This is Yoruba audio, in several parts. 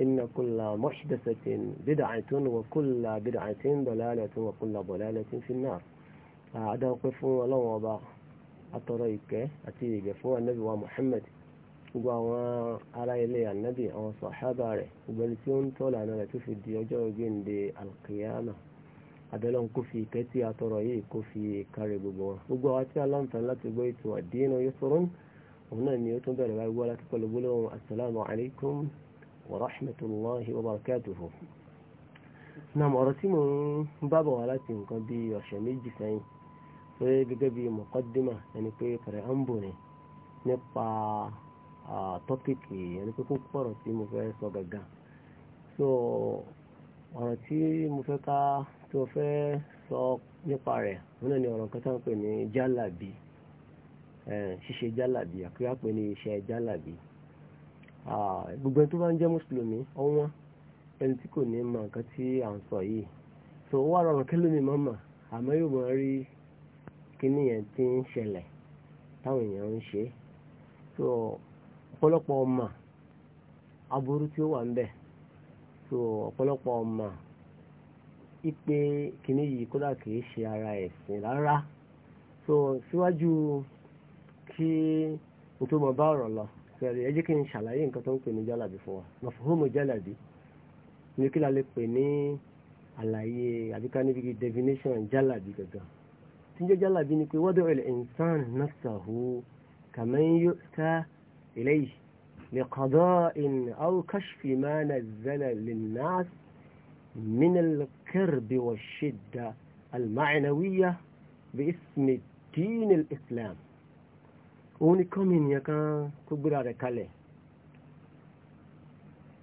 إن كل محدثة بدعة وكل بدعة ضلالة وكل ضلالة في النار هذا وقف الله وضع أتريك أتيك فهو النبي ومحمد وهو على إلي النبي أو صحابة وبلتون طول أنا لتفي ديوجو دي القيامة adọ́lọ́n kó fi ìkẹ́ tí a tọrọ yìí kó fi kárí gbogbo wọn gbogbo àwọn tí aláǹfààní láti gbọ́ ètò àdínà yusrun òun náà ni ó tún bẹ̀rẹ̀ wáyé wọ́n láti pẹ̀lú gbólóhùn assalamu alaikum ورحمة الله وبركاته náà ọ̀rọ̀ tí mò ń bábọ̀ wá láti nǹkan bí ọ̀sẹ̀ méjì sẹ́yìn pé gẹ́gẹ́ bí mọ̀kọ́dímà ẹni pé pẹ̀rẹ̀mbò ni nípa tọ́pìkì ẹni pé kó pọ̀rọ̀ tí mo fẹ́ sọ so ṣíṣe jálàbí Ah, gbogbo ẹni tó bá ń jẹ́ mùsùlùmí ọ̀wọ́n ẹni tí kò ní mọ nǹkan tí à ń sọ yìí so ó wà rọrùn kí lómi mọ́ mọ̀ àmọ́ yóò mọ rí kíní yẹn ti ń ṣẹlẹ̀ táwọn èèyàn ń ṣe so ọ̀pọ̀lọpọ̀ ọmọ aburú tí ó wà ń bẹ so ọ̀pọ̀lọpọ̀ ọmọ ipe kíní yìí kódà kìí ṣe ara ẹ̀sìn rárá so síwájú kí n tó mọ bá ọ̀rọ̀ lọ sẹ́rí ẹ jẹ́ kí n ṣàlàyé nǹkan tó ń pè ní jálàbí fún wa mafhumu jálàbí ní kí la lè pè ní àlàyé àbíká níbi definition jálàbí gangan tí ń jẹ́ jálàbí ni pé wadu al-insan nafsahu kaman yu'ta ilayhi li qada'in aw kashfi ma nazzala lin-nas min al-karb wa ash-shidda al-ma'nawiyya bi ismi din islam òun ni kọ́mi ènìyàn kan kó gbéra rẹ̀ kalẹ̀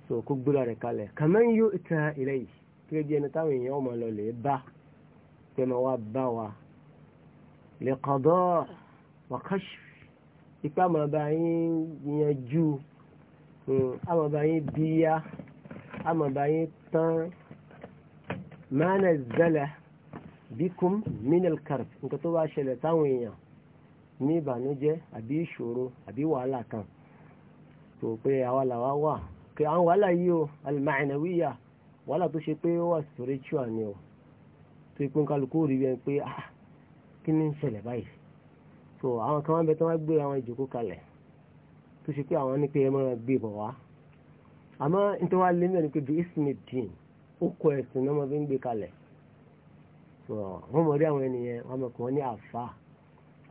so kó gbéra rẹ̀ kalẹ̀ kàmáà yóò ta ilẹ̀ yìí kí ẹbí ẹni táwọn èèyàn ọmọ lọ lè bá tẹmọ wa bá wa lè kọ̀dọ̀ wàkàṣì ipá màbá yín yanjú àmàbá hmm, yín bíyá àmàbá yín tán mánà zẹlẹ̀ bíkún mínal nǹkan tó bá ṣẹlẹ̀ táwọn èèyàn ní ìbànújẹ́ àbí ìṣòro àbí wàhálà kan tó pé àwa làwa wà pé àwọn wàhálà yìí o al-ma'nawiyya wàhálà tó ṣe pé ó wà spiritual ni o tó ipò kálukú rí bẹ́ẹ̀ pé ah kí ni ń ṣẹlẹ̀ báyìí tó àwọn kan wọn bẹ tó wọn gbé àwọn ìjókòó kalẹ̀ tó ṣe pé àwọn ní pé ẹ máa gbé bọ̀ wá àmọ́ nítorí wàá lé mẹ́rin pé bí ismail dín ó kọ ẹ̀sìn náà wọn fi ń gbé kalẹ̀ tó wọn mọ̀ rí àwọn ènìyàn wọn mọ̀ kí wọ́n ní àfáà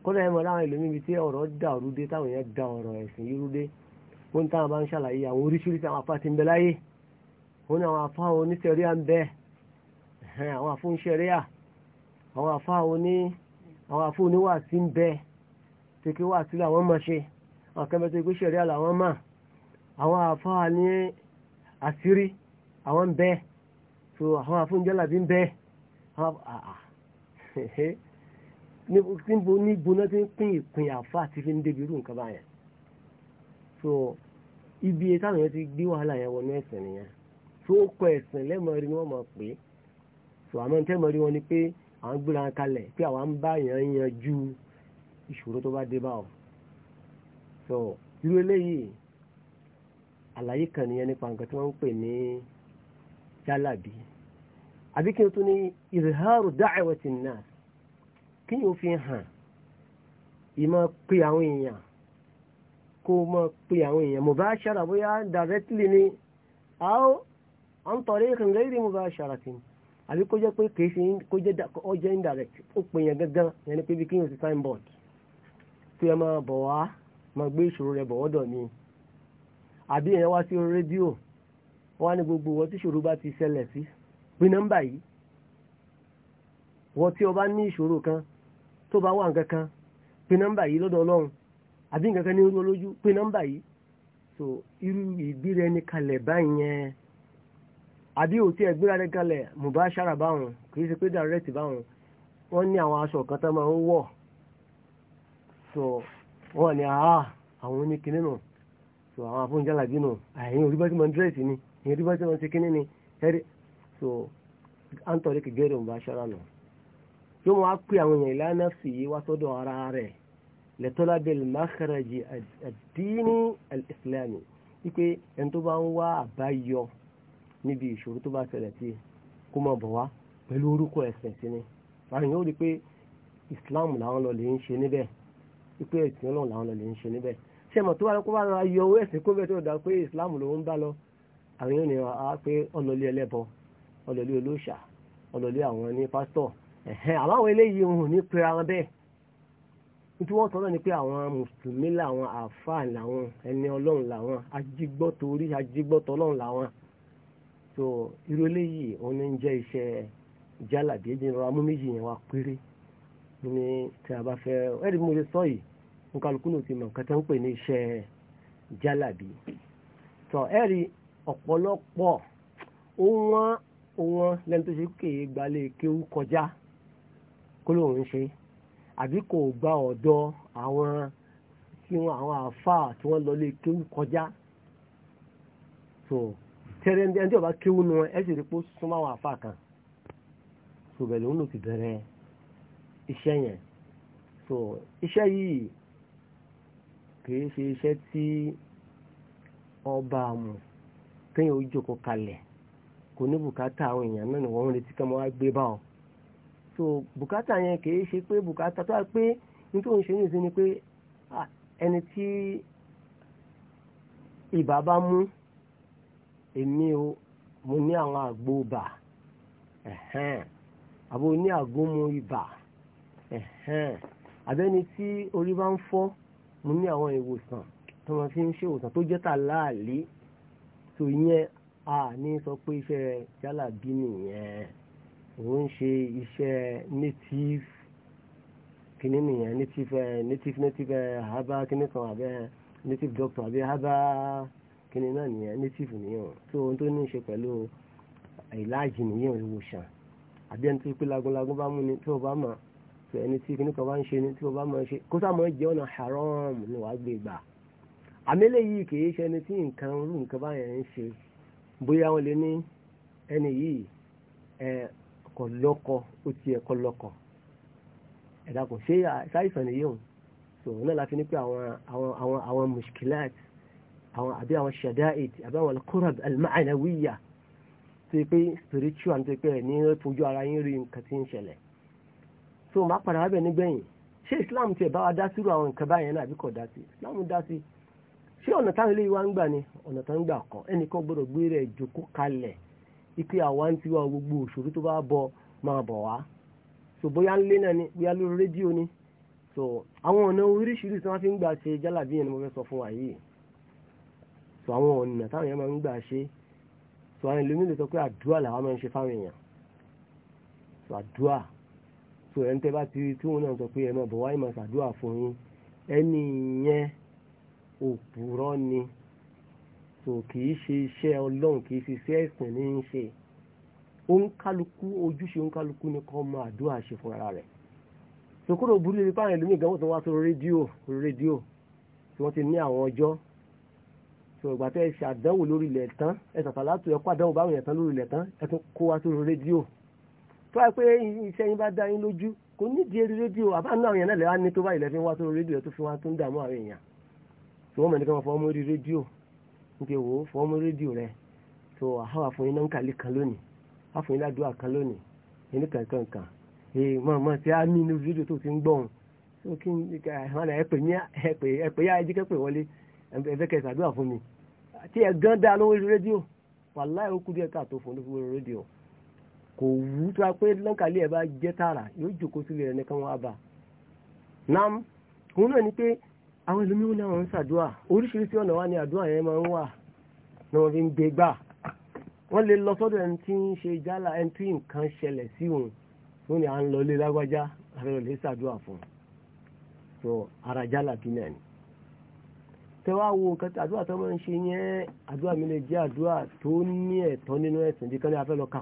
kódà ẹ̀ mọ̀ láwọn ìlú níbi tí ọ̀rọ̀ dà ọ̀rú dé táwọn èèyàn da ọ̀rọ̀ ẹ̀sìn yìí rú dé wọ́n táwọn bá ń ṣàlàyé àwọn oríṣiríṣi àwọn afá ti ń bẹ láyé wọ́n ní àwọn afá oníṣẹ́ríà ń bẹ àwọn afá oníṣẹ́ríà àwọn afá oní àwọn afá oníwàásí ń bẹ tèké wàásí làwọn máa ṣe àwọn kan bẹ tó gbé làwọn máa àwọn afá ní àṣírí àwọn ń bẹ so àwọn afá oníjàlàbí ń bẹ àwọn afá níbo ní gbóná tí ń pín ìpín àfa àti fi ń débi irú nǹkan báyẹn so ibi táwọn yẹn ti gbé wàhálà yẹn wọnú ẹ̀sìn nìyẹn tó kọ ẹ̀sìn lẹ́mọ̀ọ́rí ni wọ́n mọ̀ pé so àmọ́ ní tẹ́mọ̀ọ́rí wọn ni pé àwọn gbéra kalẹ̀ pé àwọn ń bá yẹn yanjú ìṣòro tó bá dé bá ọ so irú eléyìí àlàyé kan nìyẹn nípa nǹkan tí wọ́n ń pè ní jálàbí àbí kí n tún ní ìrìhàrù dáẹ̀wẹ̀tì náà tí yóò fi hàn ìmọ̀ pé àwọn èèyàn kó mọ̀ pé àwọn èèyàn mubashara bóyá directly ni àwọn àǹtọ̀rẹ́ ìrìnlẹ̀ ìrìn mubashara ti àbí kó jẹ́ pé ṣe kó jẹ́ ọjọ́ indirect ó pè yẹn gángan yẹn ni pé kí signboard ẹ máa bọ̀ wá máa gbé ìṣòro rẹ bọ̀ wọ́dọ̀ mi àbí wá sí rédíò gbogbo wọn tí ìṣòro ti ṣẹlẹ̀ sí nọ́mbà tó bá wà nǹkan kan pe nọ́mbà yìí lọ́dọ̀ ọlọ́run àbí nkankan ní irú olójú pe nọ́mbà yìí so irú ìgbéra ẹni kalẹ báyẹn àbí òtí ẹ̀gbéra rẹ kalẹ̀ mubashara báwọn kì ṣe pé direct báwọn ní àwọn aṣọ kan tó máa ń so wọ́n ní àá àwọn oníkiní nù so àwọn afúnjálàbí nù àyìn orí ni ìyẹn orí máa so yóò wá pé àwọn èèyàn ìlànà sì yí wá sọ́dọ̀ ara rẹ̀ lẹ́tọ́lábẹ́l mákàràjì àdínní alìsílámì wípé ẹni tó bá ń wá àbáyọ níbi ìṣòro tó bá ṣẹlẹ̀ sí kó máa bọ̀ wá pẹ̀lú orúkọ ẹ̀sìn sí ni àwọn èèyàn ó rí i pé islam làwọn lọ lè ń ṣe níbẹ̀ wípé ẹ̀sìn ọlọ́run làwọn lọ lè ń ṣe níbẹ̀ ṣé mọ̀ tó wá lọ́kọ́ bá lọ yọ owó ẹ̀sìn kó bẹ́ẹ̀ tó dà pé islam lòún bá lọ àwọn èèyàn ní wá pé ọlọ́lé ẹlẹ́bọ ọlọ́lé olóṣà ọlọ́lé àwọn ní pásítọ̀ ẹ̀hẹ́n àbáwọn eléyìí ohun ní pera wọn bẹ́ẹ̀ nítorí wọ́n sọ ni pé àwọn mùsùlùmí làwọn àáfàá làwọn ẹni ọlọ́run làwọn ajígbọ́tò orí ajígbọ́tò ọlọ́run làwọn so irú eléyìí òun ní ń jẹ́ iṣẹ́ jálàbí ẹ̀jẹ̀ ìrora mú méjì yẹn wá péré ní tí a bá fẹ́ ẹ̀rí mo lè sọ yìí nkàlùkù náà ti mọ̀ nǹkan ń pè ní iṣẹ́ jálàbí so ẹ̀rí ọ̀pọ̀lọpọ̀ ó wọ́n ó wọ́n lẹ́nu tó ṣe kéèyàn gbalẹ̀ kéwú kọjá kó lóun ń ṣe àbí kò gba ọ̀dọ̀ àwọn tí wọn àwọn àáfàá tí wọ́n lọ lé kéwú kọjá so tẹ́rẹ́ ẹni tí ó bá kéwú nu ẹ sì rí pé ó súnmọ́ àwọn àáfàá kan so bẹ̀rẹ̀ òun ló ti bẹ̀rẹ̀ iṣẹ́ yẹn so iṣẹ́ yìí kìí ṣe iṣẹ́ tí ọba mu kéèyàn ó jókòó kalẹ̀ kò ní bùkátà àwọn èèyàn náà ni wọ́n retí kí wá gbé báwọn so bukata yẹn kì í ṣe pé bùkátà tó wà pé ní tó ń ṣe ní ìsinmi pé ẹni tí ibà bá mú èmi o mo ní àwọn àgbo bà àbò ní àgúnmu ibà àbẹ́ni tí orí bá ń fọ́ mo ní àwọn ìwòsàn tó máa fi ń ṣe ìwòsàn tó jẹ́ láàlí so ìyẹn a ní sọ pé iṣẹ́ jálàbí nìyẹn òun ń ṣe iṣẹ́ native kìíní nìyẹn native eh, native native eh, herbal kìíní kan àbẹ́ eh, native doctor àbí herbal kìíní náà nìyẹn native nìyẹn tó ohun tó ní í ṣe pẹ̀lú ìlàjì nìyẹn ìwòsàn àbí ẹni tó pé lagunlagun bá mú ni tó o bá mọ̀ tó ẹni tí kìíní kan bá ń ṣe ni tó o bá mọ̀ ṣe kó sáà jẹ́ ọ̀nà haram ni wàá gbé gbà àmẹ́lẹ̀ yìí kìí ṣe ẹni tí nǹkan rú nǹkan báyẹn ń ṣe bóyá wọn lè ní ẹni yìí ẹ kọ̀ lọ́kọ ó ti ẹ̀kọ́ lọ́kọ ẹ̀dá kò ṣe ṣàìsàn nìyí òun sọ̀rọ̀ náà láti ní pé àwọn àwọn àwọn àwọn mushkilat àwọn àbí àwọn shada'id àbí àwọn al-qurab al tó yẹ pé spiritual tó yẹ pé ní fojú ara yín rí nǹkan tí ń ṣẹlẹ̀ so máa padà wábẹ̀ nígbẹ̀yìn ṣé Islam tiẹ̀ bá wa dá sírú àwọn nǹkan báyẹn náà àbí kò dá sí Islam dá sí ṣé ọ̀nà táwọn eléyìí wá ń gbà ni ọ̀nà tó ń gbà kọ́ ẹnì ike àwa ń tiwa gbogbo òṣòro tó bá bọ máa bọ̀ wá so bóyá ńlé náà ni bóyá lórí rédíò ni so àwọn ọ̀nà oríṣiríṣi tí wọ́n fi ń gbà ṣe jálàbí yẹn ni mo fẹ́ sọ fún wa yìí so àwọn ọ̀nà táwọn èèyàn máa ń gbà ṣe so àwọn ìlú mílò sọ pé àdúrà làwọn máa ń ṣe fáwọn èèyàn so àdúrà so ẹ̀ ń tẹ́ bá ti rí tí wọ́n náà sọ pé ẹ̀ máa bọ̀ wáyé máa ṣàdúrà fún yín ẹni yẹn òpùrọ́ ni. So, so kìí ṣe iṣẹ́ ọlọ́run kìí ṣe iṣẹ́ ẹ̀sìn ní í ṣe òǹkálukú ojúṣe òǹkálukú ni kọ́ mọ àdúrà ṣe fúnra rẹ̀ sokoro burú lè pààyàn lómi ìgbà wọn tó wá sórí rédíò rédíò tí wọ́n ti ní àwọn ọjọ́ tó ìgbà tẹ́ ẹ ṣe àdánwò lórí ilẹ̀ tán ẹ sàtàlátò ẹ kó àdánwò báwọn yẹn tán lórí ilẹ̀ tán ẹ tún kó wá sórí rédíò tó wáyé pé iṣẹ́ yín bá dá yín lójú kò ní di eré rédíò àbáná àwọn èèyàn náà lè wá ní tó báyìí lẹ́fín wá sórí rédíò tó fi wá tó ń dààmú àwọn èèyàn tí wọ́n mọ̀ ní ká máa fọwọ́ rí rédíò nípe wò ó fọwọ́ mọ́ rédíò rẹ̀ tó àháwà fún iná ń kàlí kan lónìí á fún iná àdúrà kan lónìí ẹni kankan kan ẹ mọ̀ mọ̀ tí a ní inú fídíò tó ti ń gbọ̀n tó kí ẹ̀pẹ̀ yá ẹjí kẹ́pẹ̀ wọlé ẹ̀fẹ́ kẹsà àdúrà fún mi tí ẹ̀ gán dáa lówó rédíò wàláì ó kú díẹ̀ káàtó fún olówó rédíò kò wú tó a pé lọ́nkàlí ẹ̀ bá jẹ́ tààrà yóò jòkó sílẹ̀ ẹ̀ ní káwọn àbà. nam òun náà ni pé àwọn ìlú mìíràn wọn ń ṣàdúrà oríṣiríṣi ọ̀nà wa ni àdúrà yẹn máa ń wà ni wọ́n fi ń gbé gbà wọ́n lè lọ sọ́dọ̀ ẹni tí ń ṣe jálà ẹni tí nǹkan ṣẹlẹ̀ sí òun fún ni à ń lọ ilé lágbájá àfẹ́rẹ́ lè fún un so ara jálà kí náà ni tẹ́wàá wo nǹkan tí àdúrà tó máa ń ṣe yẹn àdúrà mi lè jẹ́ àdúrà tó ní ẹ̀tọ́ nínú ẹ̀sìn bí kánú afẹ́ lọ ka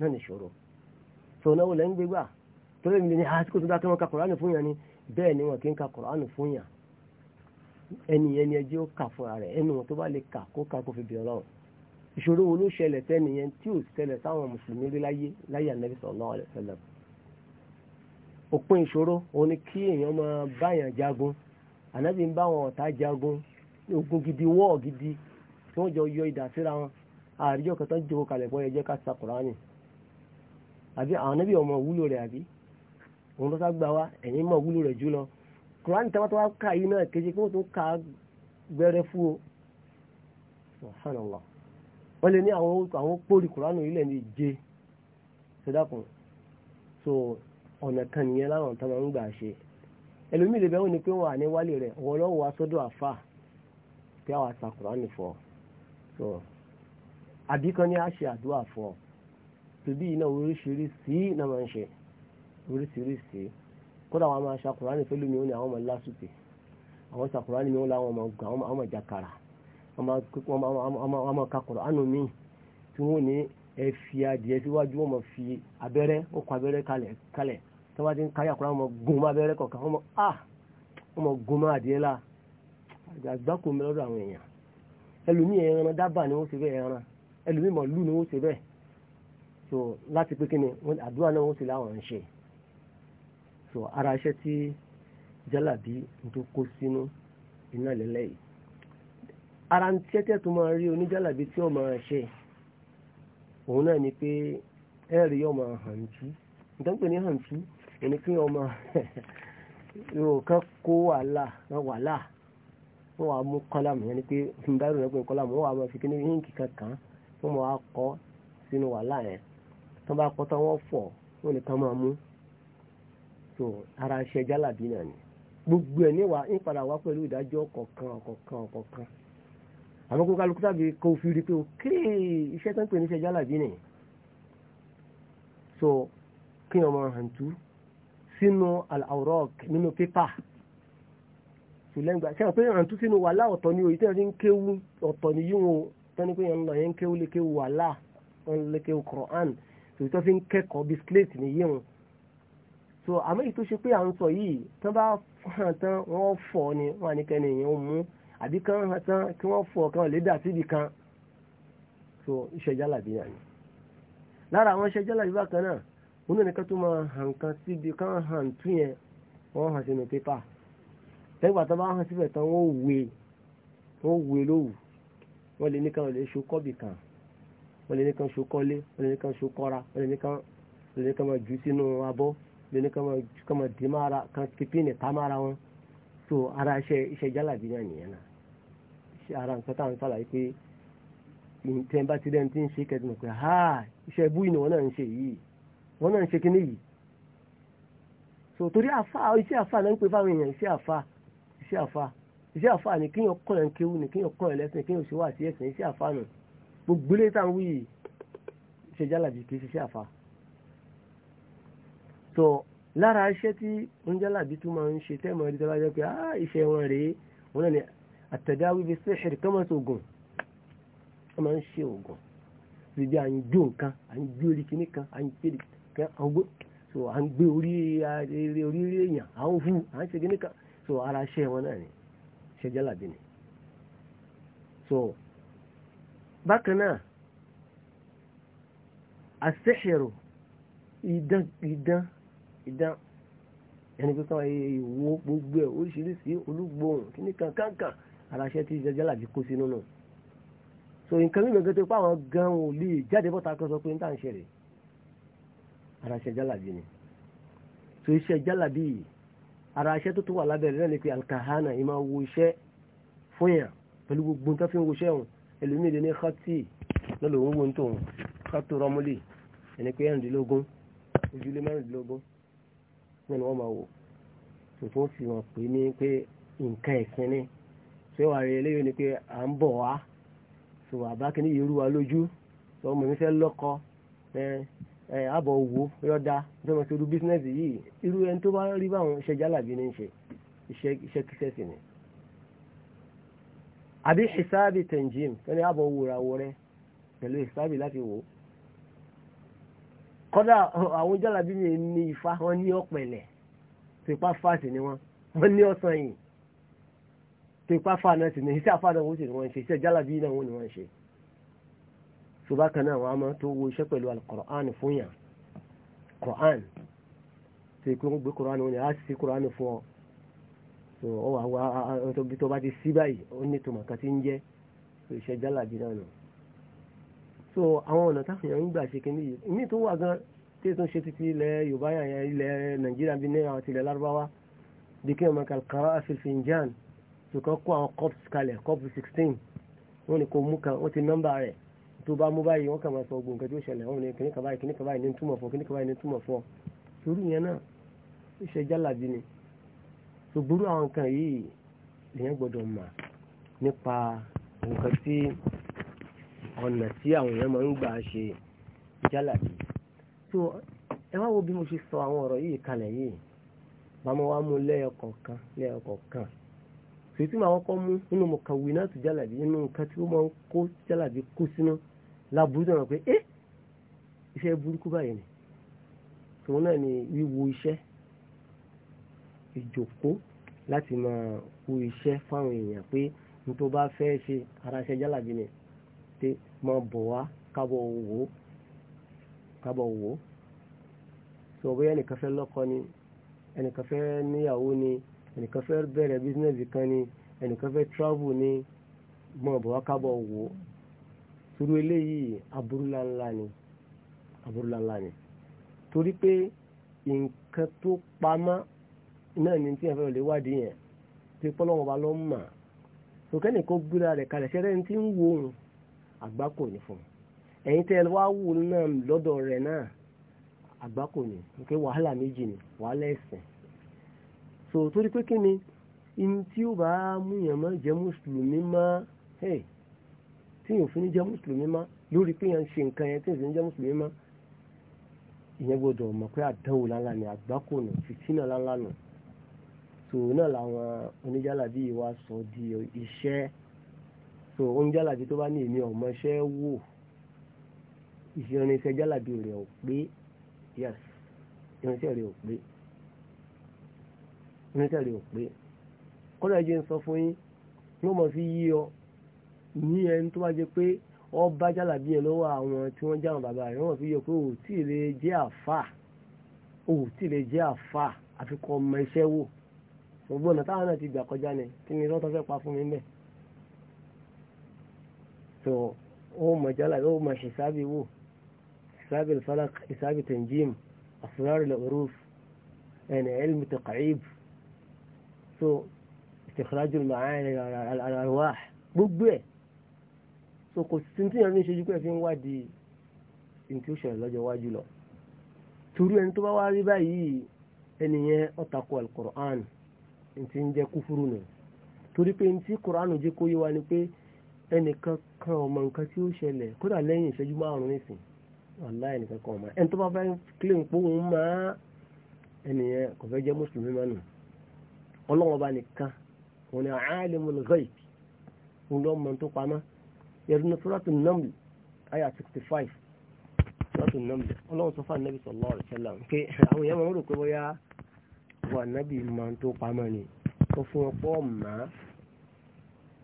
náà nìṣòro tó náwó lẹ́yìn gbégbà tó lè ní àsìkò tó dákẹ́ wọn ka kùránì fún yàn ni bẹ́ẹ̀ ni wọn kì í ka kùránì fún yàn ẹni yẹn ni ẹjẹ́ ó kà fúnra rẹ̀ ẹnu wọn tó bá lè kà kó kà kó fi bí ọlọ́run ìṣòro wo ló ṣẹlẹ̀ tẹ́ni yẹn tí ò ṣẹlẹ̀ sáwọn mùsùlùmí rí láyé láyé ànábì sallallahu alaihi wasallam òpin ìṣòro òun ni kí èèyàn máa báyàn jagun ànábì ń bá wọn ọ̀tá jagun ogun gidi wọ́ọ̀ gidi tí wọ́n jọ yọ ìdásíra wọn àríyọ̀ kan jókòó kalẹ̀ gbọ́ ẹ̀jẹ̀ ká sa kùránì àbí àwọn anábì ọmọ wúlò rẹ̀ àbí òun ló sá gbà wá ẹ̀yin mọ̀ wúlò rẹ̀ jùlọ Kùránì tẹ́wọ́ tó wá ká yìí náà kejì kí wọ́n tó ká gbẹ́rẹ́ fún o subhanallah wọ́n lè ní àwọn pòrí Kùránì ilẹ̀ ní ìje ṣẹ́dàkùn so ọ̀nà kan nìyẹn láwọn tó máa ń gbà ṣe ẹlòmíì lè bẹ́ẹ̀ wọ́n ni pé wọ́n à ní wálé rẹ̀ wọ́n lọ́wọ́ wá sọ́dọ̀ àfà pé àwọn àṣà Kùránì fọ́ so àbí kan ní àṣẹ àdúrà fún ọ ṣèbí iná oríṣiríṣi náà máa ń ṣe oríṣiríṣi kódà wọn máa ṣàkùránì pẹ̀lú mi ó ní àwọn ọmọ lásùpè àwọn ṣàkùránì mi ó láwọn ọmọ gà àwọn ọmọ jàkàrà ọmọ kakọrọ àánú mi tí wọn ní ẹ fi adìẹ síwájú wọn mọ fi abẹ́rẹ́ ó kọ abẹ́rẹ́ kalẹ̀ kalẹ̀ tí káyà kúrò àwọn ọmọ gun mọ abẹ́rẹ́ wọn mọ ah wọn mọ gun adìẹ la àgbákò mi lọ́dọ̀ àwọn èèyàn ẹlòmíì ẹran dábàá ni wọn ṣe bẹ́ẹ̀ ẹran ẹlòmíì màlúù ni wọn ṣe bẹ́ẹ̀ so láti pé kíni wọn àdúrà náà wọn sì láwọn ń ṣe so ara iṣẹ́ tí jálàbí tó kó sínú iná lẹ́lẹ́ yìí ara ń tẹ́tẹ́ tó máa rí oníjálàbí tí ó máa ṣe òun náà ni pé ẹ̀rí ọmọ hàǹtú nítorí pé ní hàǹtú ẹni pé ọmọ yóò kán kó wàhálà wàhálà wọ́n wàá mú kọ́lámù yẹn ni pé ń bá ìròyìn pé kọ́lámù wọ́n wàá máa fi kíní yínkì kankan wọ́n máa kọ́ sínú wàhálà yẹn tó bá kọ́ tán wọ́n fọ̀ wọ́n lè kán máa mú so ara ṣe jálàbí náà ni gbogbo ẹ̀ níwà ń padà wá pẹ̀lú ìdájọ́ ọ̀kọ̀ọ̀kan ọ̀kọ̀ọ̀kan ọ̀kọ̀ọ̀kan àmọ́ kó kálukú tàbí kó fi rí pé òkè iṣẹ́ tó ń pè ní ṣe jálàbí nì so kí wọ́n máa hàn tú sínú al-awraq nínú pépà ṣùlẹ́ngbà ṣe pé hàn tú sínú wàhálà ọ̀tọ̀ ni òyìn tí wọ́n ti ń kéwu ọ̀tọ̀ ni yíwọ̀n tán pé yẹn ń lọ yẹn ń kéwu lé kéwu wàhálà ń kéwu Qur'an so ìtọ́ fi ń kẹ́kọ̀ọ́ bisikílẹ̀tì nìyí wọn so àmọ́ èyí tó ṣe pé à ń sọ yìí tán bá hàn tán wọ́n fọ̀ ni wọ́n á ní kẹ́ni èèyàn mú àbí kán hàn tán kí wọ́n fọ̀ kán lè dà síbi kan so iṣẹ́ jálàbí yà ni lára àwọn iṣẹ́ jálàbí bákan náà wọn náà nìkan tó máa hàn kan síbi kán hàn tún yẹn wọ́n hàn sínú pépà lẹ́gbàá tán bá hàn síbẹ̀ tán wọ́n wé wọ́n wé lówù wọ́n lè ní káwọn lè ṣokọ́bì wọ́n lè ní kan ṣokọ́lé wọ́n lè ní kan ṣokọ́ra wọ́n lè ní kan wọ́n lè ní kan máa jù sínú abọ́ wọ́n lè ní kan máa dì mára kan pípínì tá mára wọn so ara iṣẹ́ iṣẹ́ jálàbí náà nìyẹn náà ṣe ara nǹkan táwọn sàlàyé pé tẹ́ ń bá ti dẹ́n tí ń ṣe kẹ́tìmọ̀ pé ha iṣẹ́ ibú yìí ni wọ́n náà ń ṣe yìí wọ́n náà ń ṣe kinní yìí so torí àfa iṣẹ́ àfa náà ń pè fáwọn èèyàn iṣẹ́ àfa iṣẹ́ àfa iṣẹ́ àfa ni kíyàn kọ́ ẹ̀ ń kéwú ni kíyàn kọ́ ẹ̀ lẹ́sìn kíyàn ṣe wá sí ẹ̀sìn iṣẹ́ àfa náà gbogbo ilé tá à ń wí yìí ṣe jálàbí kì í ṣiṣẹ́ àfa tó lára iṣẹ́ tí ń jálàbí tó máa ń ṣe tẹ́mọ̀ ẹ̀rí tó bá jẹ́ pé á ah, iṣẹ́ wọn rèé wọn náà ni àtẹ̀dáwí bíi sẹ́ṣẹ̀rì tó máa ń ṣe oògùn tó máa ń ṣe oògùn ti bí à ń jó nǹkan à ń gbé orí kìíní kan à ń gbé kan à so à ń gbé orí orí èèyàn à ń hu à ń ṣe kìíní kan so ara iṣẹ́ wọn náà ni ṣe jálàbí ni so bákan náà àṣẹ́ṣẹ̀rò ìdán ìdán ìdán ẹni pé káwọn ìwò gbogbo ẹ̀ oríṣiríṣi olúgbòhùn kíní kankankan aláṣẹ tí ìjẹjẹ làbí kó sínú nù so nǹkan mímu gẹ́gẹ́ pé àwọn gan ò lè jáde bọ́ta kan sọ pé ń tà ń ṣẹlẹ̀ aláṣẹ jálàbí ni so iṣẹ́ jálàbí yìí ara iṣẹ́ tó tó wà lábẹ́rẹ́ náà ni pé alkahana ìmọ̀ wo iṣẹ́ fún yàn pẹ̀lú gbogbo nǹkan fi ń wo iṣẹ́ òun ẹlòmíì lè ní xọ́tì lọ́lọ́ òun wo ń tòun xọ́tò rọ́múlì ẹni pé ẹ̀rìndínlógún ojúlé mẹ́rìndínlógún nínú wọn máa wò tòfó fi hàn pé ní pé nǹkan ẹ̀sìn ni ṣé wàá rí eléyìí ni pé à ń bọ̀ wá tó àbá kìíní yìí rú wa lójú tó ọmọ mi lọ́kọ ẹ ẹ àbọ̀ owó yọ̀dá tó mọ̀ sí irú bísínẹ́sì yìí irú ẹni tó bá rí báwọn iṣẹ́ jálàbí ní ṣe iṣẹ́ kíṣẹ́ sì ni àbí hisabi tenjim ẹni àbọ̀ wòrà wọrẹ pẹ̀lú hisabi láti wò kọ́dà àwọn jálàbí mi ní ifá wọn ní ọ̀pẹ̀lẹ̀ tìpá fáàsì ni wọn wọn ní ọ̀sán yìí tìpá fáà náà sì ní iṣẹ́ àfáàdà wọn sì ni wọ́n ṣe iṣẹ́ jálàbí náà wọn ni wọ́n ṣe ṣùgbọ́n kan náà wọn a máa tó wo iṣẹ́ pẹ̀lú alukoran fún yàn koran tìpé wọn gbé koran wọn ni a sì koran fún ọ so ọ wà wá tóbi tó bá ti sí báyìí ó ní tòmọ̀ kan ti ń jẹ́ so iṣẹ́ jálàbí náà nù so àwọn ọ̀nà táfìyàn ń gbà ṣe kíní yìí ìmí tó wà gan tí tó ń ṣe títí ilẹ̀ Yorùbá yàyàn ilẹ̀ Nàìjíríà bíi náírà àti ilẹ̀ Lárúbáwá bí kí ọmọ kàlùkàrà àfìfìnjàn tó kàn kó àwọn cups kalẹ̀ cup sixteen wọ́n ní kò mú kan wọ́n ti nọ́mbà rẹ̀ tó bá mú báyìí wọ́n kà máa sọ ogun nǹkan tí ó ṣẹlẹ̀ wọ́n ní kíní kàbáyìí ní túmọ̀ fún kíní kàbáyìí ní túmọ̀ fún ọ sórí yẹn náà iṣẹ́ ni ṣùgbúrú àwọn nǹkan yìí lèyàn gbọ́dọ̀ mà nípa nǹkan tí ọ̀nà tí àwọn èèyàn máa ń gbà ṣe jálàbí so ẹ wá wo bí mo ṣe sọ àwọn ọ̀rọ̀ yìí kalẹ̀ yìí màmá wa mú lẹ́ẹ̀kọ̀ọ̀kan lẹ́ẹ̀kọ̀ọ̀kan tòyí tí màá kọ́ mú nínú mukawinatu jálàbí nínú nǹkan tí ó máa ń kó jálàbí kó sínú láburú tó ràn pé ẹ́ eh, iṣẹ́ burúkú báyìí ni tòun náà ni wíwo iṣẹ́ ìjòkó láti máa kú iṣẹ́ fáwọn èèyàn pé ní tó bá fẹ́ ṣe aráṣẹ́ jálàbí ni pé mọ bọ̀ wá kábọ̀ wò ó kábọ̀ wò ó sọ bóyá ẹnìkan fẹ́ lọ́kọ ni ẹnìkan fẹ́ níyàwó ni ẹnìkan fẹ́ bẹ̀rẹ̀ bísínẹ́sì kan ni ẹnìkan fẹ́ travel ni mọ bọ̀ wá kábọ̀ wò ó torí eléyìí aburúlá ni aburúlá ńlá ni torí pé nǹkan tó pamọ́ náà ni tí ẹ̀fẹ́ lè wádìí yẹn tí pọ́lọ́wọ́n bá lọ́ mà sọkẹ́ni kó gbéra rẹ̀ kalẹ̀ ṣẹ́rẹ́ ní tí ń wo òun àgbá kò ní fún un ẹ̀yin tẹ́ wá wò náà lọ́dọ̀ rẹ̀ náà àgbá kò ní pé wàhálà méjì ni wàhálà ẹ̀sìn so torí pé kí ni in tí ó bá mú yàn mọ́ jẹ́ mùsùlùmí mọ́ tí yàn fún ní jẹ́ mùsùlùmí mọ́ lórí pé yàn ń ṣe nǹkan yẹn tí yàn fún ní jẹ́ mùsùlùmí mọ́ ìyẹn gbọ́dọ̀ mọ̀ pé àdánwò lánlá ni àgbá kò ní fìtínà lánlá nù so náà làwọn oníjàlábí wa sọ di iṣẹ́ so oníjàlábí tó bá ní èmi ọmọ iṣẹ́ wò ìṣirinṣẹ́ jàlábí rẹ̀ ò pé yes irinṣẹ́ rẹ̀ ò pé irinṣẹ́ rẹ̀ ò pé kọ́lá ẹ̀jẹ̀ ń sọ fún yín ní wọ́n mọ̀ sí yí ọ ní ẹni tó bá jẹ pé ọ bá jàlábí yẹn lọ́wọ́ àwọn tí wọ́n jáwọn bàbá rẹ̀ wọ́n fi yọ pé òtí lè jẹ́ àfà òtí lè jẹ́ àfà àfikún ọmọ iṣẹ́ wò gbogbo ọ̀nà táwọn náà ti gbà kọjá ni kí ni irọ́ fẹ́ pa fún mi mẹ́ so ó mọ̀ jálà ó mọ̀ ṣìṣàbí wò ṣìṣàbí falak ṣìṣàbí tanjim asrar al-uruf ẹnì ilmu taqib so istikhraj al-ma'ani al-arwah gbogbo ẹ̀ so kò sí tí yẹn ní ṣojú pé fi ń wádìí ní tí ó ṣẹlẹ̀ lọ́jọ́ iwájú lọ torí ẹni tó bá wá rí báyìí ẹni yẹn ó tako ntí ń jẹ́ kúfúrú nù torí pé ntí kuranu jẹ́ kó yé wa ni pé ẹnìkan kan ọmọ nǹkan tí ó ṣẹlẹ̀ kódà lẹ́yìn ìṣẹ́jú márùn-ún nísìn ọ̀la ẹnìkan kan ọmọ ẹni tó bá fẹ́ kílèm pé òun máa ẹnìyẹn kò fẹ́ jẹ́ mùsùlùmí mánu ọlọ́wọ́n bá nìkan òun ni alimul ghaib òun lọ́ mọ tó pamọ́ yẹnu suratul naml aya sixty five suratul naml ọlọ́wọ́n sọ fún anabi sallallahu alaihi wasallam pé àwọn èèyàn máa ń wà nábì mọ tó pamọ́ ni sọ fún ọ pé ọ̀mà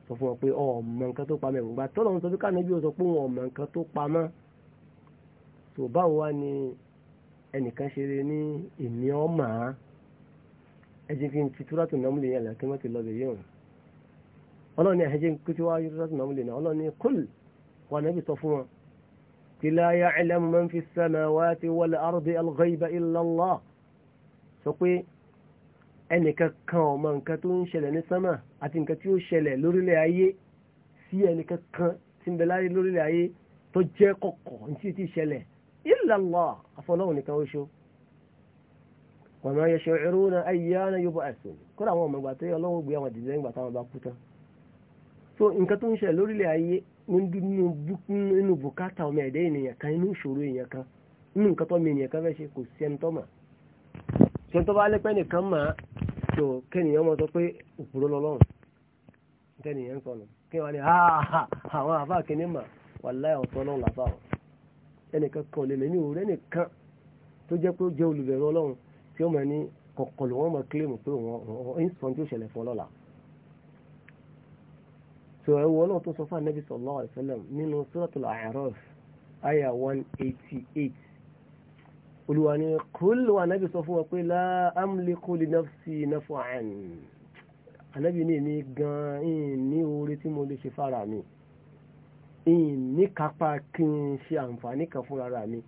sọ fún ọ pé ọ̀mọ nǹkan tó pamọ́ ìgbà tọ́lọ̀ ń sọ pé káàmì bí o sọ pé òun nǹkan tó pamọ́ tó báwo wá ni ẹnìkan ṣe lè ní èmi ọ̀mà ẹ̀jẹ̀ kí n ti túrátù náà múlẹ̀ yẹn lẹ́kí wọ́n ti lọ bẹ̀yẹ̀ wọn ọlọ́ni ẹ̀jẹ̀ kí tí wáá túrátù náà múlẹ̀ náà ọlọ́ni kúl wà nábì sọ fún wọn kí la ya'lamu man fi samawati wal ardi al-ghayba illa Allah sọ pé ẹnìkan kan ọmọ nǹkan tó ń ṣẹlẹ̀ ní sánmà àti nǹkan tí ó ṣẹlẹ̀ lórílẹ̀ ayé sí ẹnìkan kan tí ń bẹ láyé lórílẹ̀ ayé tó jẹ́ kọ̀kọ̀ ní ti ṣẹlẹ̀ illa àfọlọ́hùn nìkan oṣù ayyana yub'athun kódà àwọn ọmọ ìgbà tó yẹ ọlọ́wọ́ gbé àwọn dìde nígbà táwọn bá kú tán so nǹkan tó ń ṣẹlẹ̀ lórílẹ̀ ayé nínú bùkátà ọmọ ẹ̀dẹ́ ènìyàn kan inú ìṣòro èèyàn kan nǹkan tó mi ènìyàn kan fẹ́ ṣe kò sí ẹni tó mà ṣe tó bá nìkan so kẹ́nìyàn mọ̀ sọ pé òpùrọ̀ lọ́lọ́run kẹ́nìyàn sọnù kí wọ́n ní àwọn àbá kìíní mà wà láyà ọ̀tọ̀ ọlọ́run làbá ọ̀ ẹnìkan kan ò lè lè ní òwúrẹ́ nìkan tó jẹ́ pé ó jẹ́ olùbẹ̀rù ọlọ́run tí ó mọ̀ ní kọ̀kọ̀lù wọn mọ̀ kílèmù pé òun ń sọ tí ó ṣẹlẹ̀ fún ọlọ́la so ẹ wo ọlọ́run tó sọ fún anabi sallallahu alaihi wasallam nínú suratul A'raf àyà one eighty eight olùwà ni kúlù ànábì sọ fún wọn pé la amliku li nafsi naf'an ànábì ní èmi gan ní oore tí mo lè ṣe fara mi ìníkápá kí n ṣe àǹfààní kan fún ara mi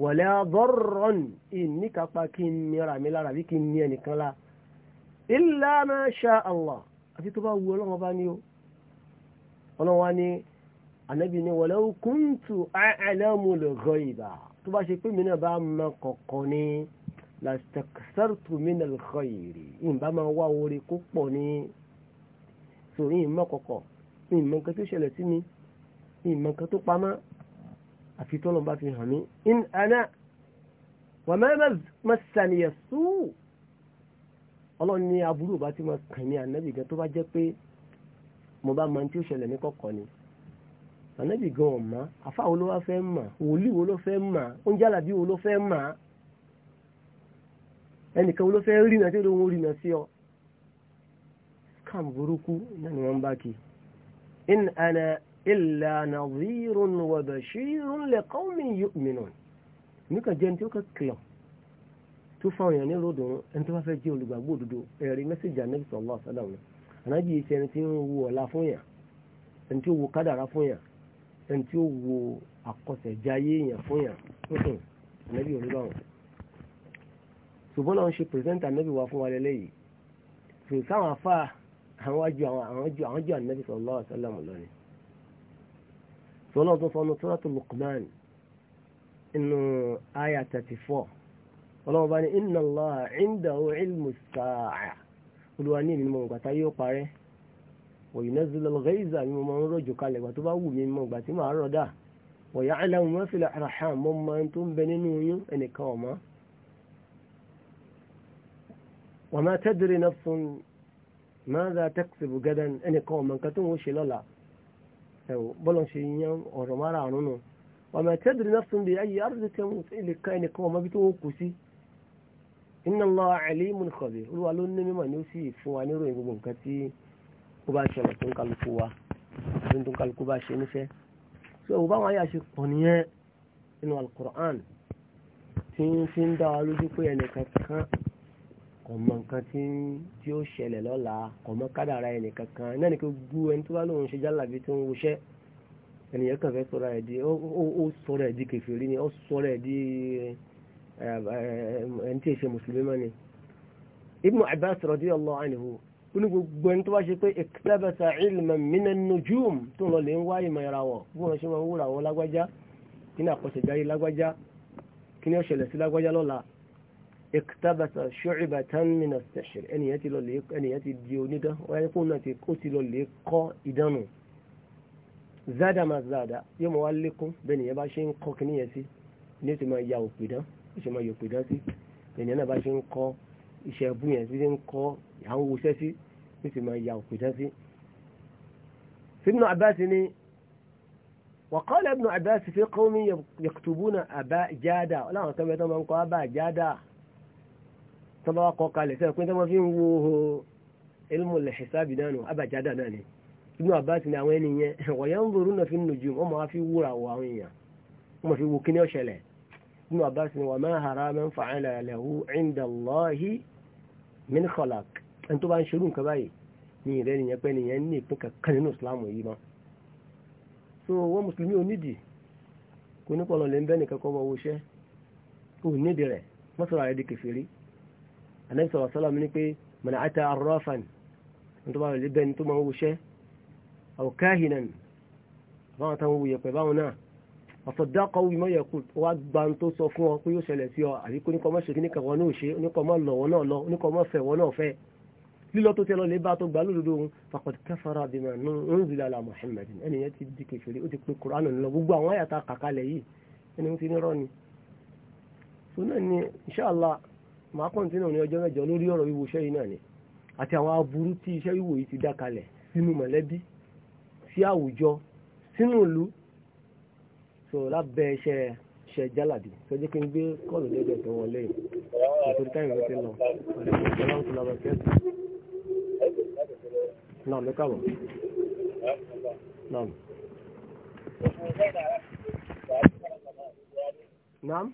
wọ̀lẹ́ bọ́rọ̀n ìníkápá kí n ní ara mi lára bí kí n ní ẹnìkan la illa ma sha àti tó bá wu ọlọ́wọ́n bá ní o ọlọ́wọ́n ní ànábì ní wọ̀lẹ́ kuntu a'lamul ghaiba tó bá ṣe pé mi náà bá mọ kọ̀ọ̀kan ni lastakisartu min alkhairi ìbá máa wá orí kó pọ̀ ní sòrí ìmọ̀ kọ̀kọ̀ ìmọ̀ nǹkan tó ṣẹlẹ̀ sí mi ìmọ̀ nǹkan tó pamọ́ àfi tọ́lọ̀ bá fi hàn mí in ana wà mẹ́rẹ́ mẹ́sànìyàn sùúrù ọlọ́run ní aburú bá ti máa kàn ní ànábì tó bá jẹ́ pé mo bá mọ ohun tí ó ṣẹlẹ̀ ní kọ̀kọ̀ ni ànábì gan ọ̀mọ́ afá wo ló wá fẹ́ mà wòlíì wo ló fẹ́ mà oúnjẹ àlàbí wo ló fẹ́ mà ẹnìkan wo ló fẹ́ rí nà tí ó rí nà sí ọ. scam burúkú náà ni wọ́n bá kí in ana illa nadhirun wa bashirun li qaumin yu'minun níkan jẹ́ ní tí ó kẹ́ kìlọ̀ tó fáwọn èèyàn ní ròdò ẹni tó bá fẹ́ jẹ́ olùgbàgbọ́ òdodo ẹ̀rí mẹ́sẹ̀jì ànábì sallallahu alaihi wasallam ànábì yìí ṣe ẹni tí ń wo ọ̀la fún yàn ẹni tí ó wo kádàrá fún yàn ẹni tí ó wo àkọsẹ̀jáyé èèyàn fún yàn hmm, ànábì olùbáwọn ṣùgbọ́n náà ń ṣe pẹ̀sẹ́ntì ànábì wa fún wa lẹ́lẹ́yìí tò sáwọn afá àwọn ajú àwọn ajú ànábì sallallahu alaihi wasallam lọ́ni sọlọ́ọ̀ tó sọ ọ́nà suratul Luqman inú àyà 34 ọlọ́wọ́ bá ní inna Allaha indahu ilmu as-sa'a olùwà ní ìmọ̀ ìgbà yóò parẹ́ وينزل الغيظ مما رجو قال لك وتبا وو مين مو غبا تي ما ردا ويعلم ما في الارحام مما انتم بنينو يون ان كوما وما تدري نفس ماذا تكسب غدا ان كوما كتم وشي لولا بلون شي يان اورو مارا نونو وما تدري نفس باي ارض تموت ان كان كوما بتو كوسي ان الله عليم خبير ولو ان مما نوسي فوانيرو يغبون كتي kó bá ṣẹlẹ̀ tó ń kálukú wa àbí tó ń kálukú bá ṣe níṣẹ́ so òwò báwọn ayé àṣẹ pọ̀ nìyẹn nínú alukur'an tí ń fi ń dá wa lójú pé ẹnìkan kan kò nǹkan tí ó ṣẹlẹ̀ lọ́la kò mọ ẹnìkan kan ní kí gbú ẹni tó bá lóun ṣe jálàbí tó ń wuṣẹ́ ẹnìyẹn kàn fẹ́ sọ̀rọ̀ ẹ̀ ó sọ̀rọ̀ ẹ̀ kẹfìrí ni ó sọ̀rọ̀ ẹ̀ ẹni tí ì ṣe mùsùlùmí mọ́ ni Ibn Abbas radiyallahu anhu ó ní gbogbo ẹni tó bá ṣe pé iktabasa ilman minan nujum tó ń lọ lè ń wá ìmọ̀ ìràwọ̀ bí wọ́n ṣe máa ń wúra àwọn lágbájá kí ní àkọsẹ̀járí lágbájá kí ní ọ̀ṣẹ̀lẹ̀ sí lágbájá lọ́la iktabasa shu'batan min as-sihr ẹnìyẹn ti lọ lè ẹnìyẹn ti di onídán ọ̀yẹ́ fóun náà ó ti lọ lè kọ́ ìdánù zada ma zada yóò mọ̀ wá lékún bẹ́ẹ̀ nìyẹn bá yóò sì máa ya òkú jẹ́ sí. Ibn Abbas ni وقال ابن عباس في قوم يكتبون أبا جادة ولا كما تمام قال أبا جادة tọ́lọ́wọ́ kọ́ kalẹ̀ sẹ́yìn pé tọ́mọ́ fi ń wo ilmu lẹ́xẹ̀sáàbì náà nù abàjádà náà ni inú àbáṣe ni àwọn ẹni yẹn wọ̀nyẹ́ ń lòrú náà fi ń nùjú wọ́n máa fi wúra wọ àwọn èèyàn wọ́n máa fi wo kíní ọ̀ṣẹ̀lẹ̀ inú àbáṣe ni wà máa hara máa ẹni tó bá ń ṣerú nǹkan báyìí ní ìrẹ́ nìyẹn pé nìyẹn ní ìpín kankan nínú ìsìláàmù yìí mọ́ so wọ́n mùsùlùmí onídìí kò ní pọ̀lọ̀ lè ń bẹ́ nìkan kọ́ ọmọ owó iṣẹ́ kò nídìí rẹ̀ wọ́n sọ̀rọ̀ àrẹ́ di kẹfìrí ànábì sọ̀rọ̀ sọ́lá mi ní pé mọ̀nà àtà arọ́fàn ní tó bá rẹ̀ lè bẹ́ni tó máa ń wo iṣẹ́ àwòkáhìnàn báwọn táwọn wo yẹpẹ̀ báwọn náà ọ̀sọ̀dákọ̀ wí mọ́yẹ̀ kù wá gba tó sọ fún ọ pé yóò ṣẹlẹ̀ sí ọ àbí kó ní kọ́ mọ́ ṣe kí ní kàwọn náà ṣe oníkọ́ mọ́ lọ̀wọ́ náà lọ oníkọ́ mọ́ fẹ̀wọ́ náà fẹ́ lílọ tó tẹ́lọ lè bá tó gbà lódodo òun faqad kafara bima unzila ala Muhammadin ẹni yẹn ti di kẹfẹ́rẹ́ ó ti pe kuranu lọ gbogbo àwọn àyàtà kàkálẹ̀ yìí ẹni wọn ti ní rọ́ ni. so náà ni inṣàlá màá kàn tí náà ní ọjọ́ mẹ́jọ lórí ọ̀rọ̀ wíwo iṣẹ́ yìí náà ni àti àwọn aburú tí iṣẹ́ wíwo yìí ti dá kalẹ̀ sínú mọ̀lẹ́bí sí àwùjọ sínú ìlú so lábẹ́ iṣẹ́ ṣe jálàdì tó jẹ́ kí n gbé kọ́ọ̀lù lẹ́gbẹ̀ẹ́ Naam, ẹ káàbọ̀. Naam. Naam.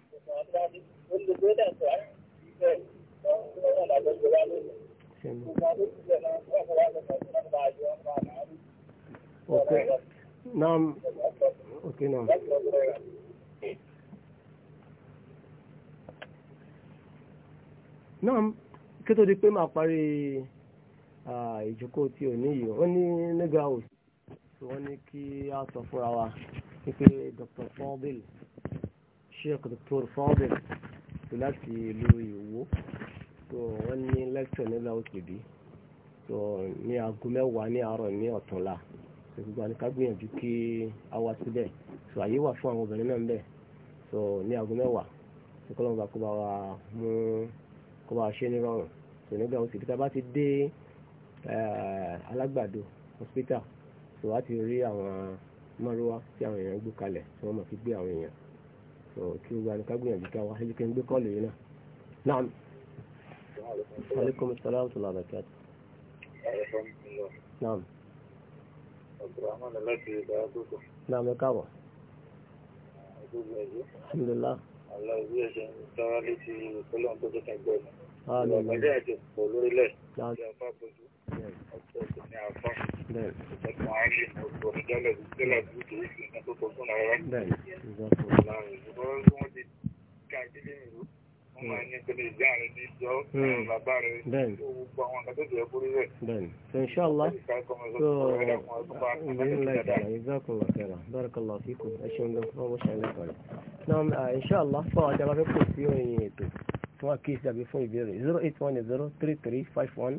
Okay. Naam. Okey naam. Naam, kí tó di pé máa parí ìjókò tí ò níyì ó ní nígbà òsì tí wọ́n ní kí a sọ fúnra wa wípé Dr. Fadil Sheikh Dr. Fadil tó láti ìlú Ìwó tó wọ́n ní lẹ́kítọ̀ nígbà òsì bí tó ní aago mẹ́wàá ní àárọ̀ ní ọ̀túnla tó gbogbo àníká gbìyànjú kí a wá síbẹ̀ tó àyè wà fún àwọn obìnrin náà ń tó ní aago mẹ́wàá tó kọ́ lọ́mọba kó bá wa mú kó bá wa ṣe ní rọrùn tó nígbà òsì bí ká bá ti dé. Eh, alágbàdo hospital so a ti rí àwọn mọ́rúwá tí àwọn èèyàn gbé kalẹ̀ tí wọ́n máa fi gbé so o gba gbìyànjú ká wa naam. abdulrahman àdókò. naam ẹ alhamdulilah. létí ìpínlẹ̀ ọ̀dọ́dọ́ta bẹ́ẹ̀ni so inshallah so alhamdulillah ta'ala jazakumullah khairan barakallahu fikum ẹ ṣeun gan fún ọmọ ṣẹlẹ̀ kọrẹ náà inshallah fún ọjà bá fẹ́ kò sí òyìn ètò fún àkíyèsí àbí fún ìbéèrè zero eight one zero three three five one.